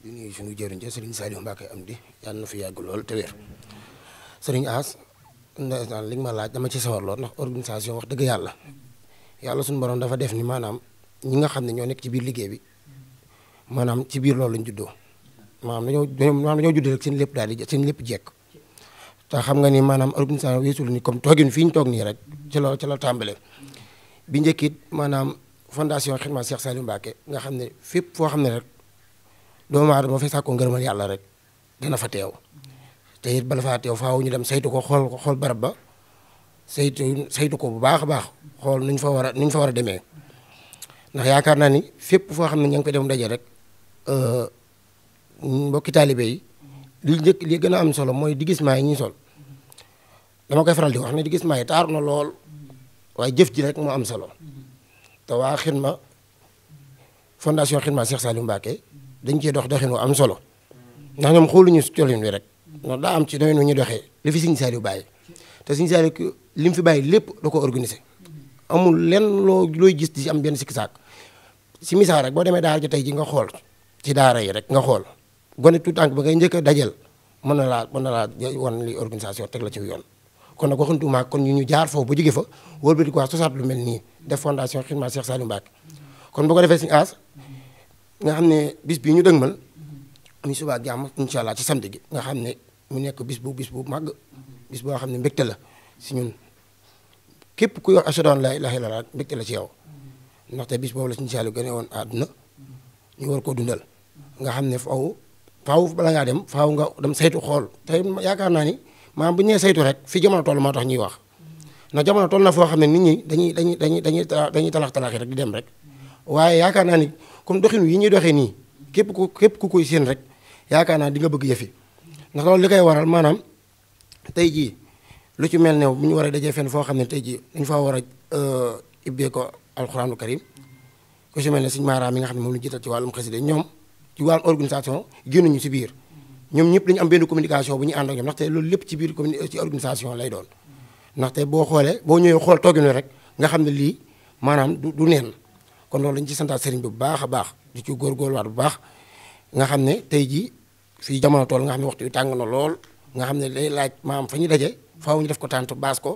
di nuyu suñu jëriñ ja Serigne Saliou Mbacke am di yàlla na fi yàgg lool te wér Serigne As ndeysaan li nga ma laaj dama ci sawar lool ndax organisation wax dëgg yàlla yàlla suñu borom dafa def ni maanaam ñi nga xam ne ñoo nekk ci biir liggéey bi maanaam ci biir loolu lañ juddoo maanaam dañoo maanaam ñoo judd rek seen lépp daal di seen lépp jekk te xam nga ni maanaam organisation weesul ni comme toogin fii ñu toog nii rek ci la ci la tàmbale bi njëkkit maanaam fondation Xidma Cheikh Saliou Mbacké nga xam ne fépp foo xam ne rek doomu aadama fa sàkku ngërëmal yàlla rek a fa teew te it bala faa teew faaw ñu dem saytu ko xool ko xool barab ba saytu saytu ko bu baax a baax xool nuñ fa war a nuñ fa war a demee ndax yaakaar naa ni fépp foo xam ne ña ngi koy dem daje rek euh, mbokki taalibe yi li njëkk li gën a am solo mooy déguisement yi ñuy sol dama koy faral di wax ne déguisement yi taar na lool waaye jëf ji rek moo am solo te waa xidma fondation xidma Cheikh Saliou Mbacké dañ cee dox doxin wu am solo ndax ñoom xooluñu colin wi rek ndax daa am ci doxin wu ñu doxee li fi Serigne Saliou bàyyi te siñ Saliou li mu fi bàyyi lépp da ko organisé amul lenn loo looy gis di am benn sikki saak si misaal rek boo demee daara ji tey ji nga xool ci daara yi rek nga xool gone tout tànk ba ngay njëkk a dajal mën na laa mën na laa wan li organisation teg la ci yoon kon nag waxantuma kon ñu ñu jaar foofu ba jóge fa wëlbati quoi sosaat lu mel nii def fondation xidma Cheikh kon bu ko defee suñu nga xam ne bis bii ñu dëgmal muy subaa jàmm incha allah ci samedi gi nga xam ne mu nekk bis bu bis bu màgg bis boo xam ne mbégte la si ñun képp kuy wax ashhadu an laa ilaaha illallaah yow ndaxte bis boobu la suñu Saliou gënee woon àdduna ñu war koo dundal nga xam ne faaw faaw bala ngaa dem faaw nga dem saytu xool te yaakaar naa ni maanaam bu ñu nee saytu rek fi jamono toll moo tax ñuy wax ndax jamono toll na foo xam ne nit ñi dañuy dañuy dañuy dañuy dañuy talax talaxi rek di dem rek waaye yaakaar naa ni comme doxin yi ñuy doxee nii képp ku képp ku koy seen rek yaakaar naa di nga bëgg yëfi ndax loolu li koy waral maanaam tey jii lu ci mel ne mu ñu war a dajee fenn foo xam ne tey jii dañu faa war a euh, ibbee ko alxuraanu karim ku ci mel ne suñu maaraam yi nga xam ne moom la jiital ci wàllum xasida ñoom ci wàllum organisation génnuñu si biir ñoom ñëpp dañu am benn communication bu ñu ànd ak ñoom ndaxte loolu lépp ci biir communi ci lay doon ndaxte boo xoolee boo ñëwee xool tooginu rek nga xam ne lii maanaam du neen kon loolu dañu ci santaat seriñ bu baax a baax di ci góorgóorluwaat bu baax nga xam ne tey jii fii jamono tool nga xam ne waxtu yu tàng na lool nga xam ne lay laaj maam fa ñu daje faaw ñu def ko tànt baas ko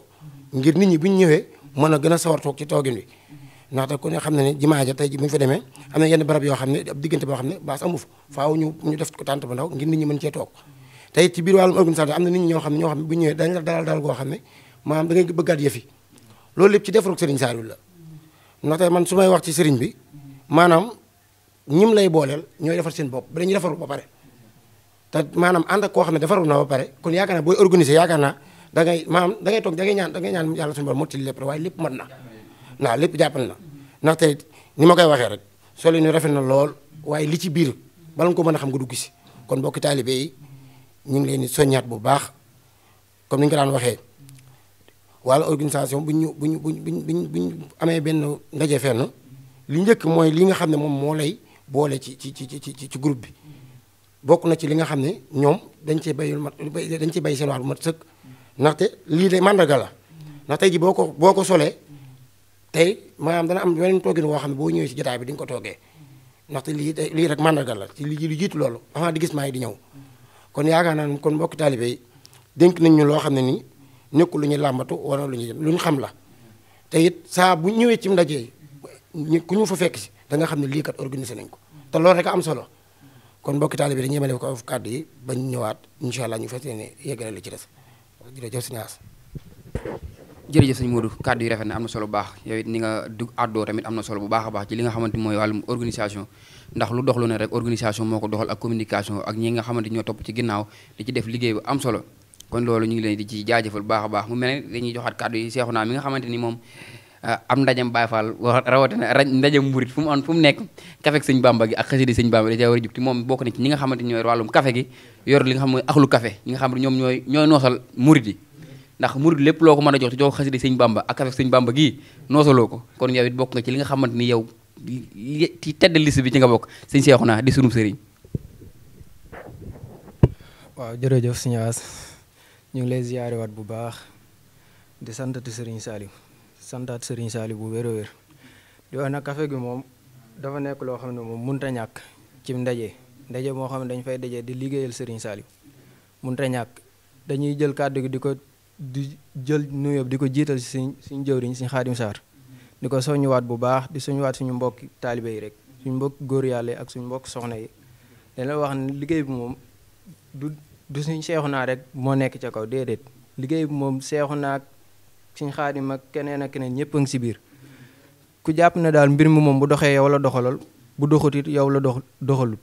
ngir nit ñi bu ñu ñëwee mën a gën a sawar toog ci toogin wi ndaxte ko ne xam ne ne jumaa ja tey ji bu ñu fa demee am na yenn barab yoo xam ne ab diggante boo xam ne baas amu fa faaw ñu ñu def ko tànt bu ndaw ngir nit ñi mën cee toog tey ci biir am na nit ñi ñoo xam ne ñoo xam ne bu ñëwee dañ la dalal dalal goo xam ne maanaam da ngay bëggaat yëfi bi maanaam ñim lay booleel ñooy defar seen bopp ba dañuy defaru ba pare te maanaam ànd ak koo xam ne defaru na ba pare kon yaakaar naa booy organiser yaakaar naa da lépp rek waaye lépp mat na naa lépp jàppal na ndaxte ni ma koy waxee rek solo yi rafet na lool waaye li ci biir bala nga ko mën a xam nga dugg si kon mbokki taalibe yi ñu ngi leen di soññaat bu baax kon ni ko daan waxee wala organisation bu ñu bu ñu bu ñu amee benn ndaje fenn li njëkk mooy li nga xam ne moom moo lay boole ci ci ci ci ci ci groupe bi bokk na ci li nga xam ne ñoom dañ cee bayul mat dañ cee bay seen waar bu mat sëkk ndaxte lii de màndaga la ndax ji boo ko boo ko solee tey maanaam dana am weneen toogin woo xam ne boo ñëwee si jotaay bi di ko toogee ndaxte lii lii rek màndargal la ci lii lu jiitu loolu avant di gis maa ngi di ñëw kon yaakaar naa kon mbokki taalibe yi dénk nañ ñu loo xam ne nii nekkul lu ñuy làmbatu wala lu ñuy lu ñu xam la te it saa bu ñëwee ci ndaje yi ku ñu fa fekk si da nga xam ne lii kat organisé nañ ko te loolu rek am solo kon mbokki taalibe yi dañuy yemale ko kàddu yi bañ ñëwaat incha allah ñu fas yéene yeggale li ci des jërëjëf si ñaas jërëjëf sëñ Modou kàddu yi rafet na am na solo bu baax yow it ni nga du àddoo tamit am na solo bu baax a baax ci moo ko doxal ak ak ñi nga xamante ñoo topp ci ginnaaw di ci def liggéey bu am ñu ngi leen di ci jaajëfal baax a baax mu mel ne dañuy joxaat kàddu yi seexu naa mi moom ah, am ndajam Baay Faal wax rawatina ndajam murit fu mu nekk kafe ak sëñ Bamba gi a jub bokk na ci ñi nga xamante ñooy wàllum kafe gi yor li nga xam mooy axlu kafe ñi xam ne ñoom ñooy ñooy noosal murit yi ndax murid lépp loo ko mën a jox te jox ko xasida sëñ bamba ak avec sëñ bamba gii noosaloo ko kon yow it bokk nga ci li nga xamante ni yow ci tedd liste bi ci nga bokk sëñ Seexuna di sunub sëriñ waaw jërëjëf sëñ As ñu ngi lay ziyaarewaat bu baax di santati sëriñ Saliou santaat sëriñ Saliou bu wér a wér di wax nag café gi moom dafa nekk loo xam ne moom mënut ñàkk ci ndaje ndaje moo xam ne dañ fay daje di liggéeyal sëriñ Saliou mënut ñàkk dañuy di jël nuyoo di ko jiital si suñ suñ jëwriñ suñ xaadim saar di ko soññuwaat bu baax di soññuwaat suñu mbokk taalibe yi rek suñu mbokk góor yàlla ak suñu mbokk soxna yi dañ wax ne liggéey bi moom du du suñ seexu naa rek moo nekk ca kaw déedéet liggéey bi moom seexu naa ak suñ xaadim ak keneen ak keneen ñëpp a ngi si biir ku jàpp ne daal mbir mi moom bu doxee yow la doxalal bu doxutit yow la dox doxalut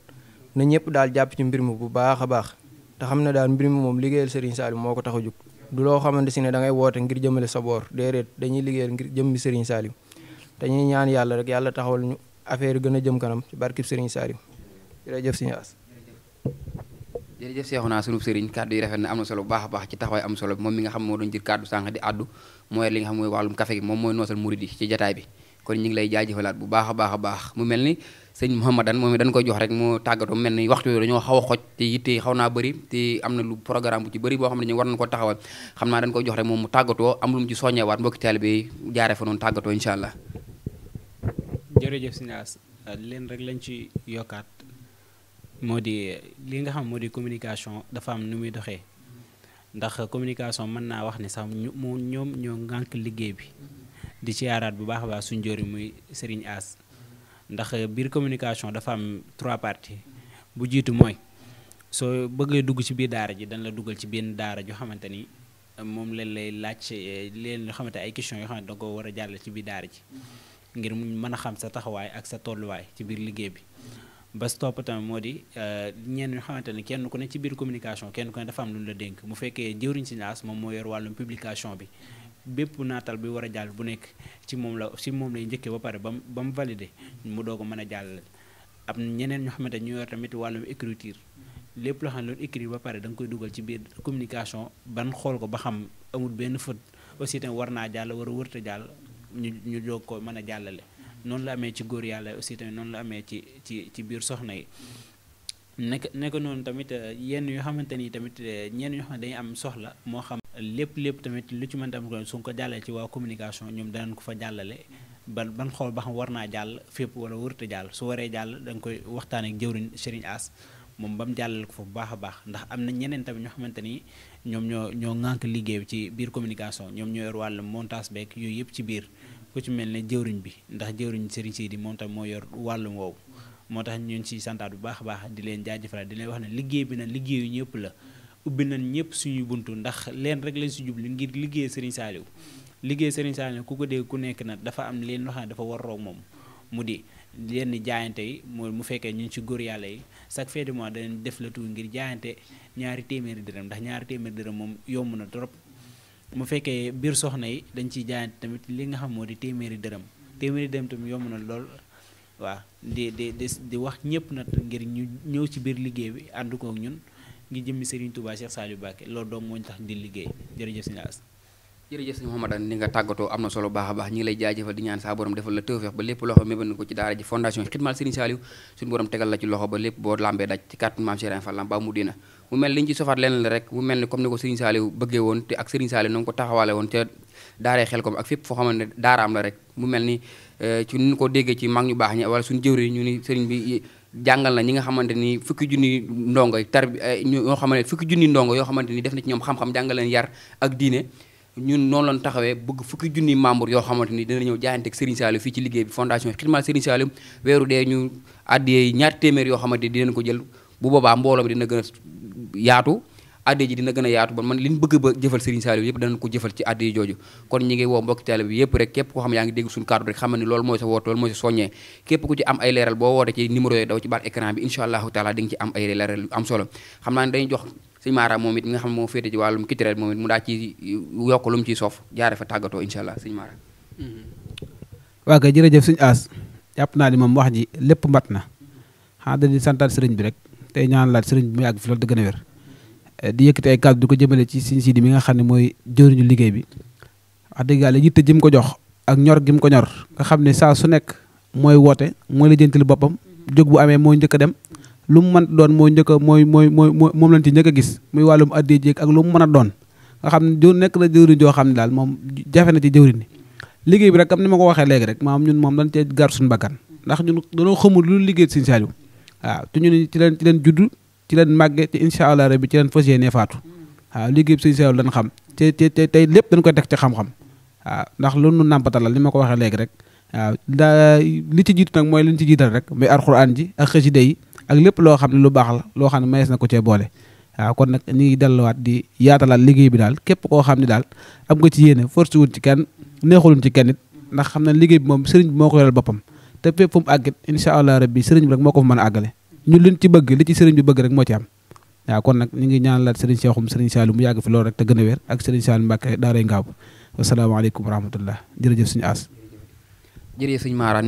na ñëpp daal jàpp ci mbir mi bu baax a baax te xam ne daal mbir mi moom liggéeyal Serigne Saliou moo ko tax a jóg du loo xamante si ne da ngay woote ngir jëmale sa boor déedéet dañuy liggéeyal ngir jëmmi Serigne Saliou dañuy ñaan yàlla rek yàlla taxawal ñu affaire gën a jëm kanam ci barkib Serigne Saliou jërëjëf Serigne As. jërëjëf Seexuna sunub Serigne kàddu yi rafet na am na solo bu baax a baax ci taxawaay am solo moom mi nga xam moo doon jël kàddu sànq di àddu mooy li nga xam mooy wàllum café gi moom mooy noosal murid yi ci jataay bi kon ñu lay jaajëfalaat bu baax baax a baax mu mel ni sëñ Mouhamadan moom it dañ koy jox rek mu tàggatoo mel ni waxtu yooyu dañoo xaw a xoj te yitte xaw naa bëri te am na lu programme bu ci bari boo xam ne ñu war nañ ko taxawal xam naa dañ koy jox rek moom mu tàggatoo am lu mu ci soññewaat mbokki bi jaaree fa noonu tàggatoo incha allah. rek lañ ci yokkaat moo di li nga xam moo di communication dafa am nu muy doxee ndax communication mën naa wax ne sax mu ñoom ñoo ngànk liggéey bi di ci yaaraat bu baax a baax suñ jóori muy Serigne As. ndax biir communication dafa am trois parties bu jiitu mooy soo bëggee dugg ci biir daara ji dañ la dugal ci benn daara joo xamante ni moom leen lay laaj leen loo xamante ay questions yoo xamante da nga ko war a jàll ci biir daara ji ngir mu mën a xam sa taxawaay ak sa tolluwaay ci biir liggéey bi ba topp tamit moo di euh, ñenn ñoo xamante ni kenn ku ne ci biir communication kenn ku ne dafa am lu ñu la dénk mu fekkee jëwriñ si naas moom moo yor wàllum publication bi bépp naatal bi war a jàll bu nekk ci moom la ci moom lay njëkkee ba pare ba mu ba mu validé mu a mën a jàllale am ñeneen ñoo xamante ñu yor tamit ba pare da nga koy dugal ci biir communication ban xool ko ba xam benn fët aussi tamit war naa jàll war a wërta jàll ñu ñu doog ko mën a jàllale noonu la amee ci góor yàlla aussi tamit noonu la amee ci ci ci biir soxna yi nekk nekk noonu tamit eh, yenn yoo xamante ni tamit eh, ñenn ñoo xam ne am soxla moo xam lépp lépp tamit lu ci mën am su ko jàllee ci waa communication ñoom danañ ko fa jàllale ban xool ba xam war naa jàll fépp wala wërta jàll su waree jàll da nga koy waxtaan ak jëwriñ Serigne As moom ba mu jàllale ko fa bu baax a baax ndax am na ñeneen tamit ñoo xamante ni ñoom ñoo ñoo ŋànk liggéey ci biir communication ñoom ñoo yor wàllu montage beeg yooyu yëpp ci biir ku ci mel ne jëwriñ bi ndax jëwriñ Serigne Sidi moom tam moo yor wàllum woowu moo tax ñun ci santaat bu baax a baax di leen jaajëfalaat di leen wax ne liggéey bi na liggéeyu ñëpp la ubbi nañ ñëpp suñuy buntu ndax leen rek lañ si jublu ngir liggéey Serigne Saliou liggéey Serigne Saliou ku ko dégg ku nekk nag dafa am leen loo xam dafa war roog moom mu di leen jaayante yi mooy mu fekkee ñu ci góor yàlla yi chaque fin de mois danañ def la tout ngir jaayante ñaari téeméeri dërëm ndax ñaari téeméeri dërëm moom yomb na trop mu fekkee biir soxna yi dañ ciy jaayante tamit li nga xam moo di téeméeri dërëm téeméeri dërëm tamit yomb na lool waaw di di di wax ñëpp nag ngir ñu ñëw ci biir liggéey bi ànd kook ñun ngi jëmmi Serigne Touba Cheikh Saliou Mbacké loolu doom moo ñu tax di liggéey jërëjëf sëñ As jërëjëf sëñ Mouhamadane ni nga tàggatoo am na solo baax a baax ñi ngi lay jaajëfal di ñaan saa borom defal la tawfeex ba lépp loxo mébal ko ci daara ji fondation xidmaal Serigne Saliou suñu borom tegal la ci loxo ba lépp boo lambee daj ci kàttan maam Serigne Fall ba mu dina mu mel li ñu ci sofaat leneen la rek mu mel ni comme ni ko Serigne Saliou bëggee woon te ak Serigne Saliou na nga ko taxawaale woon te daaree xel kom ak fépp foo xamante ne daaraam la rek mu mel ni eh, ci ñu ko déggee ci mag ñu baax ñi wala suñu jëwri ñu ni sëriñ bi jàngal na ñi nga xamante ni fukki junni ndongo tar eh, ñoo xam ne fukki junni ndongo yoo xamante ni def na ci ñoom xam-xam jàngal leen yar ak diine ñun noonu lañ taxawee bëgg fukki junni membre yoo xamante ni dina ñëw jaayante ak Serigne Saliou fii ci liggéey bi fondation Xidmal Serigne Saliou weeru dee ñu àddiyee ñaar téeméer yoo xamante ni dinañ ko jël bu boobaa mbooloo mi dina gën a yaatu addi ji dina gën a yaatu ba man li ñu bëgg ba jëfal Serigne Saliou yëpp danañ ko jëfal ci addi jooju kon ñi ngi woo mbokki bi yëpp rek képp koo xam yaa ngi dégg suñu kàddu rek xamal sa sa soññee képp ku ci am ay leeral boo woote ci numéro yooyu daw ci baat écran bi incha allah waa kay jërëjëf sëñ As jàpp naa ni moom wax ji lépp mat na xanaa dañuy santaat sëriñ bi rek tey ñaan laat sëriñ bi muy àgg fi loolu di gën a wér di yëkkati ay kàddu di ko jëmale ci Serigne ne mooy jëriñu liggéey bi wax dëgg yàlla yitte ji mu ko jox ak ñor gi ko ñor nga xam ne saa su nekk mooy woote mooy lijjantil boppam jóg bu amee mooy njëkk dem lu mu mën doon mooy njëkk a mooy mooy mooy moom lañ ci njëkk gis muy wàllum addee jéeg ak mu mën a doon nga xam ne jo nekk na jëwriñ xam ne daal moom jafe na ci jëwriñ liggéey bi rek comme ni ma ko waxee léegi rek maam ñun moom dañ cee gar suñu bakkan ndax ñun dañoo xamul lu liggéey Serigne Saliou waaw te ñun ci leen ci ci leen màgge te incha allah rabbi ci leen fas yéenee faatu waaw liggéey bi sëñ xam te te tey lépp dañ koy teg ci xam-xam ndax lu nu li ma ko waxee léegi rek waaw li ci jiitu nag mooy li ñu ci jiital rek muy alxuraan ji ak xasida yi ak lépp loo xam ne lu baax loo xam ne mayees na ko cee boole kon nag ñu ngi delluwaat di yaatalaat liggéey bi daal képp koo xam ne daal am nga ci yéene force wuñ ci kenn neexuluñ ci kenn it ndax xam na liggéey bi moom sëriñ bi moo ko yoral boppam te fépp fu mu àggit incha allah rabbi sëriñ bi rek moo ko fa mën a àggale ñu liñ ci bëgg li ci sëriñ bi bëgg rek moo ci am waaw kon nag ñu ngi ñaanalaat sëriñ Cheikhoum sëriñ Saliou mu yàgg fi rek te gën a wér ak sëriñ Saliou Mbacke daaray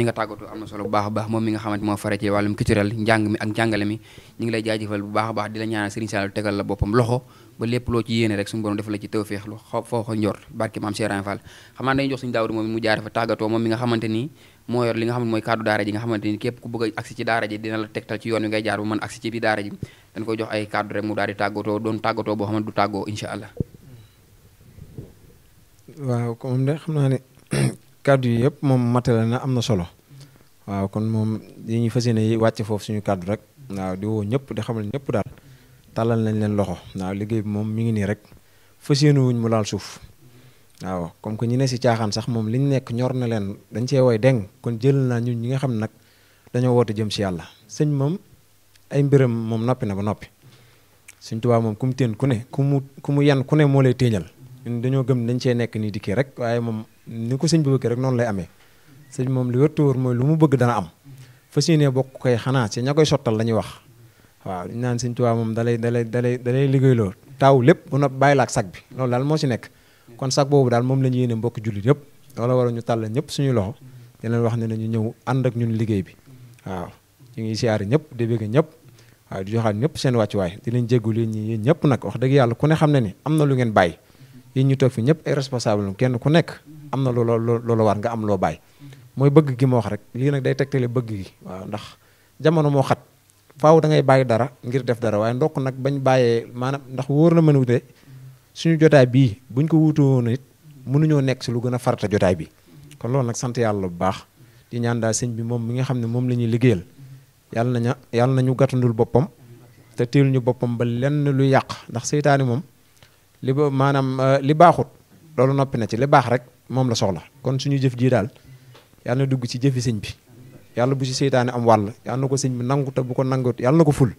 nga tàggatoo am na solo bu baax a baax moom mi nga xamante moo fare ci wàllum culturel njàng mi ak njàngale mi ñu ngi lay jaajëfal bu baax a baax di ñaanal sëriñ Saliou tegal la boppam loxo ba lépp loo ci yéene rek suñu borom def ci tawfeex lu foo ko barke maam Cheikh Fall xam naa dañuy jox suñu daawdu moom mu jaar fa tàggatoo moom mi nga xamante nii moo yor li nga xam ne mooy kàddu daara ji nga xamante ni képp ku bëgg a agsi ci daara ji dina la tegtal ci yoon wi ngay jaar bu mën agsi ci bi daara ji koy jox ay kàddu rek mu daal di tàggatoo doon tàggatoo boo xam ne du tàggoo incha allah. waaw comme xam naa ne kàddu yi yëpp moom matale na am na solo waaw kon moom li ñuy fas yéene wàcce foofu suñu kàddu rek waaw di woo ñëpp di xamal ñëpp daal tàllal nañ leen loxo waaw liggéey bi moom mi ngi nii rek fas yéene wuñ mu laal suuf. waaw comme que ñi ne si caaxaan sax moom ñu nekk ñor na leen dañ cee woy deng kon jël naa ñun ñi nga xam nag dañoo woote jëm si yàlla sëñ moom ay mbiram moom noppi nag ba noppi sëñ Tuubaa moom ku mu ku ne ku mu ku mu yan ku ne moo lay téeñal dañoo gëm dañ cee nekk nii dikkee rek waaye moom ni ko sëñ bi rek noonu lay amee sëñ moom li wër mooy lu mu bëgg dana am fas yéene bokk koy xanaa si ña koy sottal la ñuy wax waaw ñaan naan sëñ Tuubaa moom dalay dalay dalay dalay liggéeyloo taaw lépp ba noppi bàyyi la ak sag bi loolu daal moo si nekk kon sax boobu daal moom la ñu yéene mbokk jullit yëpp loola war a ñu tàll ñëpp suñu loxo di leen wax ne nañu ñëw ànd ak ñun liggéey bi waaw ñu ngi siyaare ñëpp di bëgg ñëpp waaw di joxaat ñëpp seen wàccuwaay di leen jéggu leen ñi yéen ñëpp nag wax dëgg yàlla ku ne xam ne ni am na lu ngeen bàyyi yéen ñu toog fi ñëpp ay responsable kenn ku nekk am na loola loola war nga am loo bàyyi mooy bëgg gi ma wax rek lii nag day tegtale bëgg gi waaw ndax jamono moo xat faaw da ngay bàyyi dara ngir def dara waaye ndokk nag bañ bàyyee maanaam ndax wóor na mënu de suñu jotaay bii buñ ko wuutu woon it mënuñoo nekk si lu gën a farata jotaay bi kon loolu nag sant yàlla bu baax di ñaan daal sëñ bi moom mi nga xam ne moom la ñuy liggéeyal yàlla nañu yàlla nañu gàttandul boppam te téel ñu boppam ba lenn lu yàq ndax seytaane moom li ba maanaam euh, li baaxut loolu noppi na ci li baax rek moom la soxla kon suñu jëf jii daal yàlla na dugg ci jëfi sëñ bi yàlla bu ci seytaane am wàll yàlla na ko sëñ bi nangu bu ko nangut yàlla na ko ful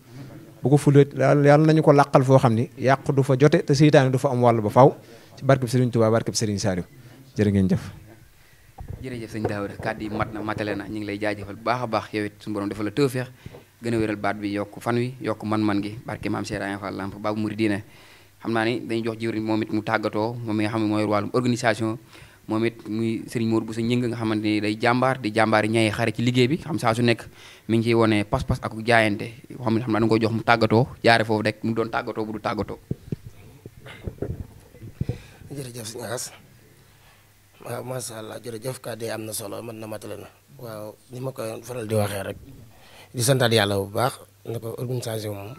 bu ko fulee yàlla nañu ko làqal foo xam ni yàq du fa jote te seytaane du fa am wàll ba faw ci barkeb Serigne Touba barkeb Serigne Saliou jërë ngeen jëf jërëjëf sëñ Daawda kàddu yi mat na matale na ñu ngi lay jaajëfal bu baax a baax yow it suñu borom dafa la tawfeex gën a wéral baat bi yokk fan wi yokk man-man gi barke maam Cheikh Ibra Fall Lamp Babu Mouridina xam naa ni dañu jox jiwriñ moom it mu tàggatoo moom mi nga xam ne mooy wàllum organisation moom it muy sëriñ Mor bu sa ñëng nga xamante ni day jàmbaar di jàmbaar ñaye xare ci liggéey bi xam saa su nekk mi ngi ciy wone pas-pas ak jaayante xam ne xam naa da nga koy jox mu tàggatoo jaare foofu rek mu doon tàggatoo bu du tàggatoo jërëjëf si ñaas waaw masha Allah jërëjëf kàddu yi am na solo mën na matale na waaw ni ma koy faral di waxee rek di santaat yàlla bu baax na ko organisation moom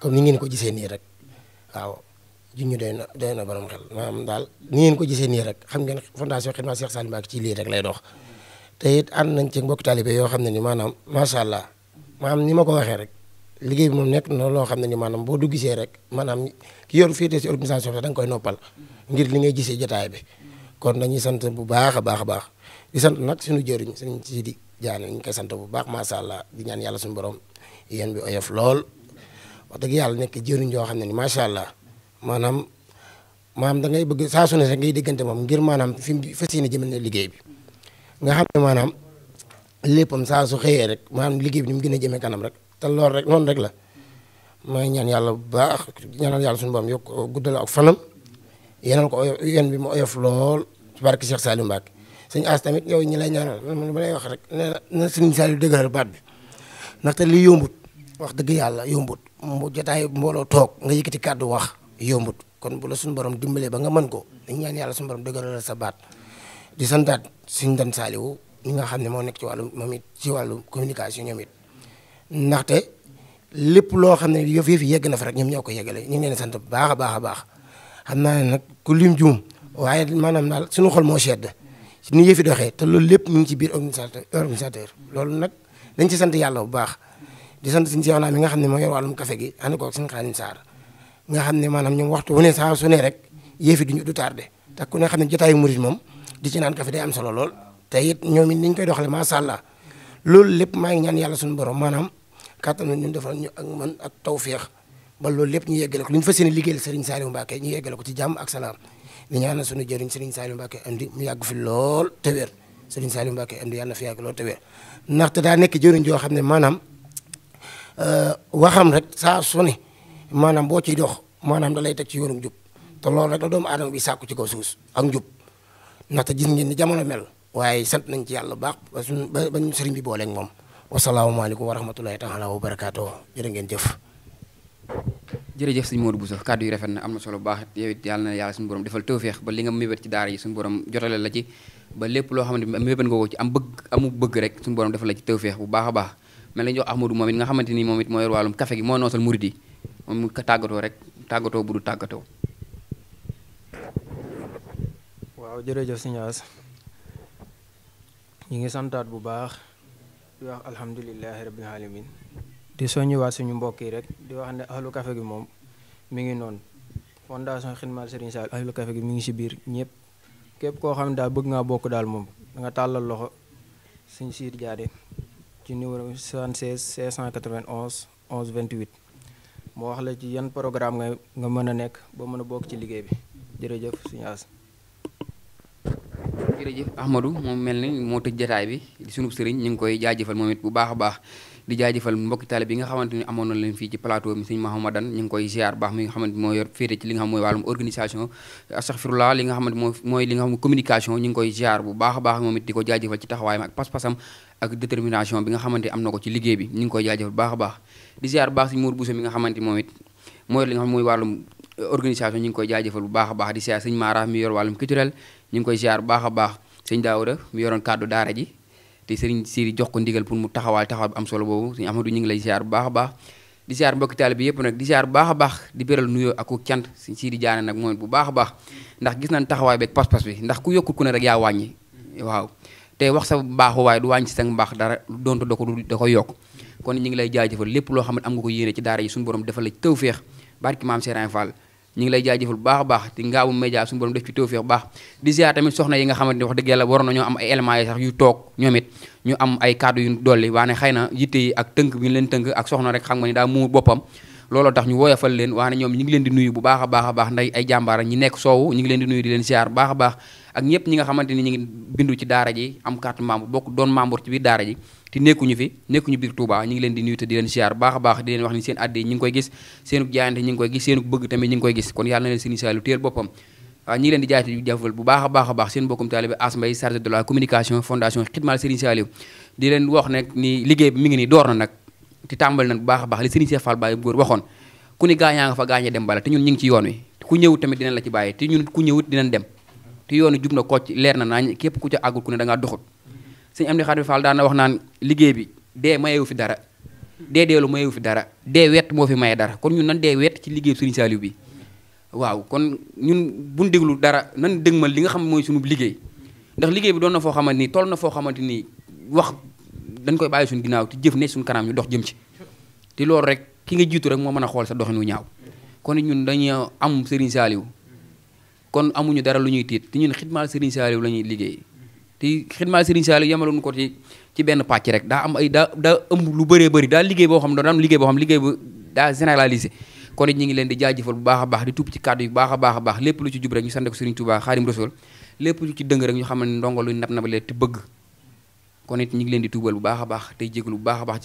comme ni ngeen ko gisee nii rek waaw juñu doy na doy na borom xel maanaam daal ni ngeen ko gisee nii rek xam ngeen fondation Xidma Cheikh Salim Mbacké ci lii rek lay dox te it ànd nañ ci mbokk taalibe yoo xam ne ni maanaam macha allah maanaam ni ma ko waxee rek liggéey moom nekk na loo xam ne ni maanaam boo du gisee rek maanaam ki yor féete si organisation bi sax nga koy noppal ngir li ngay gisee jotaay bi kon dañuy sant bu baax a baax a baax di sant nag suñu jëriñ suñu si di jaane ñu koy sant bu baax macha allah di ñaan yàlla suñu borom yéen bi o yof lool wax dëgg yàlla nekk jëriñ yoo xam ne ni macha allah maanaam maanaam da ngay bëgg saa su ne rek ngay déggante moom ngir maanaam fi mu fas yéene jëmale liggéey bi nga xam ne maanaam léppam saa su xëyee rek maanaam liggéey bi ni mu gën a jëmee kanam rek te loolu rek noonu rek la may ñaan yàlla bu baax ñaanal yàlla suñu borom yokk guddal ak fanam yenal ko yen bi mu oyof lool ci barke Cheikh Saliou Mbacke sëñ As tamit yow ñi lay ñaanal man ma lay wax rek nee na sëñ Saliou dëgëral baat bi ndaxte li yombut wax dëgg yàlla yombut mu jotaay toog nga yëkkati kàddu wax yombut kon bu la suñu borom dimbalee ba nga man ko dañ ñaan yàlla suñu borom dëgëral sa baat di santaat suñu dan saaliwu ñi nga xam ne moo nekk ci wàllu moom it wàllu communication ñoom it lépp loo xam ne yëf yëf yegg na fa rek ñoom ñoo ko yeggale ñu sant bu baax a baax a baax xam nag ku lim juum waaye maanaam daal suñu xol moo sedd ni yëfi doxee te loolu lépp mu ngi ci biir organisateur organisateur loolu nag dañ ci sant yàlla bu baax di sant suñu Seex naa mi nga xam ne moo yor wàllum café gi ànd koog suñu Xaadim Saar nga xam ne maanaam ñoom waxtu wu ne saa su ne rek yëfi duñu du tardé te ku ne xam ne jotaayu murit moom di ci naan kafe day am solo lool te it ñoom it niñ koy doxalee macha allah loolu lépp maa ngi ñaan yàlla suñu borom maanaam kattan na ñun defal ñu ak man ak tawféex ba loolu lépp ñu yeggale ko ñu fas yéene liggéeyal Serigne Saliou Mbacke ñu yeggale ko ci jàmm ak salaam di ñaanal suñu jëriñ Serigne Saliou Mbacke andi mu yàgg fi lool te wér Serigne Saliou Mbacke andi yàlla na fi yàgg lool te wér ndaxte daa nekk jëriñ joo xam ne maanaam euh, waxam rek saa su maanaam boo ciy dox maanaam da lay teg ci yoonu jub te loolu rek la doomu aadama bi sàkku ci kaw suus ak njub ndaxte gis ngeen ni jamono mel waaye sant nañ ci yàlla baax ba suñu ba ñu sëriñ bi booleeg moom wasalaamaaleykum wa rahmatulahi taala wa barakaatoo jërë ngeen jëf jërëjëf sëñ Modou Bousso kàddu yi rafet na am na solo bu baax yow it yàlla na yàlla suñu borom defal tawféex ba li nga mébét ci daara yi suñu borom jotale la ci ba lépp loo xamante mébét nga ko ci am bëgg amu bëgg rek suñu borom defal la ci tawféex bu baax a baax mel nañ jox Ahmadou moom it nga xamante nii moom it moo yor wàllum café gi moo noosal murid yi mu ko tàggatoo rek tàggatoo bu du tàggatoo. waaw jërëjëf sëñ As ñu ngi santaat bu baax di wax alhamdulilahi rabbil alamin di soññiwaat suñu mbokk yi rek di wax ne ahlu kafe gi moom mu ngi noon noonu fondation xidmal Serigne Sall ahlu kafe gi mu ngi si biir ñëpp képp koo xam ne daal bëgg ngaa bokk daal moom danga tàllal loxo sëñ siit jaade ci numéro 76 691 11 28 moo wax la ci yan programme nga nga mën a nekk boo mën a bokk ci liggéey bi jërëjëf suñu as jërëjëf Ahmadou moom mel ni moo tëj jataay bi di sunub sëriñ ñu ngi koy jaajëfal moom baax a di jaajëfal mbokki taale bi nga xamante ni amoon na leen fii ci plateau bi sëñ ñu ngi koy ziar baax mi nga xamante moo yor féete ci li nga xam mooy wàllum organisation astaghfirullah li nga xamante moo mooy li nga xam communication ñu ngi koy ziar bu baax a baax moom it di ko jaajëfal ci taxawaayam ak pas-pasam ak détermination bi nga xamante am na ko ci liggéey bi ñu ngi koy jaajëfal baax a baax di ziar baax si Mour Bousso mi nga xamante moom it euh, ñu ngi koy jaajëfal bu baax a baax di ziar sëñ Mara mi yor wàllum culturel ñu ngi koy ziar baax a baax sëñ Daouda mi yoroon kàddu daara ji te sëriñ Siri jox ko ndigal pour mu taxawaal taxawaal bu am solo boobu sëñ Amadou ñu ngi lay ziar bu baax a baax di ziar mbokki taalibe bi yëpp nag di ziar baax a baax di béral nuyoo ak ku cant si Siri Diané nag mooy bu baax a baax ndax gis nañ taxawaay beeg pas ndax ku yokkut ku ne rek yaa wàññi waaw te wax sa baaxuwaay du wàññi si sa mbaax dara donte da ko yokk kon ñu lay jaajëfal lépp loo xam ne am nga ko yéene ci daara yi suñu borom defal la ci tawféex barki maam Serigne baax a baax di ngaabu tamit soxna yi nga xamante ne wax dëgg yàlla waroon na ñoo am ay éléments yi sax yu toog ñoom ñu am ay kàddu yu dolli waane xëy na yitte yi ak tënk bi ñu leen tënk ak soxna rek xam ni daa muur boppam looloo tax ñu woyofal leen waane ñoom ñu ngi leen di nuyu bu baax a baax a baax nday ay jàmbaara baax ak ñëpp ñi nga xamante ni ñu ngi bindu ci daara ji am carte membre bokk doon membre ci biir daara ji te nekkuñu fi nekkuñu biir Touba ñu ngi leen di nuyu te di leen siyaar baax a baax di leen wax ni seen addi ñi ngi koy gis seenu jaayante ñi ngi koy gis seenu bëgg tamit ñi ngi koy gis kon yàlla na leen seen isaalu téel boppam waaw ñi ngi leen di jaay di jafal bu baax a baax a baax seen bokkum taalibe As Mbaye chargé de la communication fondation Xidmal Serigne Saliou di leen wax nag ni liggéey bi mi ngi ni door na nag te tàmbali na bu baax a baax li Serigne Cheikh Fall Baye góor waxoon ku ni gaañaa nga fa gaañee dem bala te ñun ñu ngi ci yoon wi ku ñëw tamit dinañ la ci bàyyi te ñun ku ñëwut dinañ dem te yoonu jub na kocc leer na naañ képp ku ca àggul ku ne da ngaa doxut sëñ Amdi Xaadim Fall daan na wax naan liggéey bi dee wu fi dara dee deelu mayewu fi dara dee wet moo fi maye dara kon ñun nan dee wet ci liggéey Sëriñ Saaliw bi waaw kon ñun buñ déglu dara nan dëgmal li nga xam mooy suñu liggéey ndax liggéey bi doon na foo xamante ni toll na foo xamante ni wax dañ koy bàyyi suñu ginnaaw te jëf ne suñ kanam ñu dox jëm ci te loolu rek ki nga jiitu rek moo mën xool sa doxin wu ñaaw kon amuñu dara lu ñuy tiit te ñun xidmaal Serigne Saliou la ñuy liggéey te xidmaal Serigne Saliou yemaloon ko ci benn pàcc rek daa am ay daa daa lu bëree bëri daa liggéey boo xam ne daa am liggéey liggéey bu ñu ngi leen di jaajëfal bu baax a baax di tuub ci kàddu yu baax a baax a baax lépp lu ci jub rek ñu sant ko Serigne Touba Xaadim Rasul lépp lu ci dëng bëgg it ñu ngi leen di tuubal bu baax baax tey jégalu bu baax a baax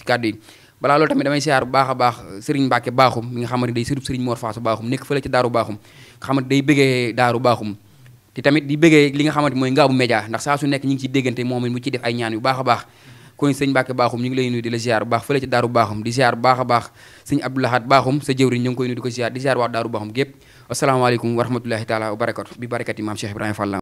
ci a baax Serigne Mbacke baaxum mi nga xamante day sërub Serigne baaxum nekk fële ci daaru baaxum nga xamante day bëggee daaru baaxum te tamit di bëggee li nga xamante mooy ngaabu média ndax saa su nekk ñi ngi ciy déggante moom mu ci def ay ñaan yu baax a baax kon sëñ Mbàkke baaxum ñu ngi lay nuyu di la ziar bu baax fële ci daaru baaxum di ziar bu baax a baax sëñ Abdoulahat baaxum sa jëwriñ ñu koy nuyu di ko ziar di ziar waa daaru baaxum gépp asalaamaaleykum wa rahmatulahi taala wa barakatu bi barakati maam Cheikh Ibrahima Fall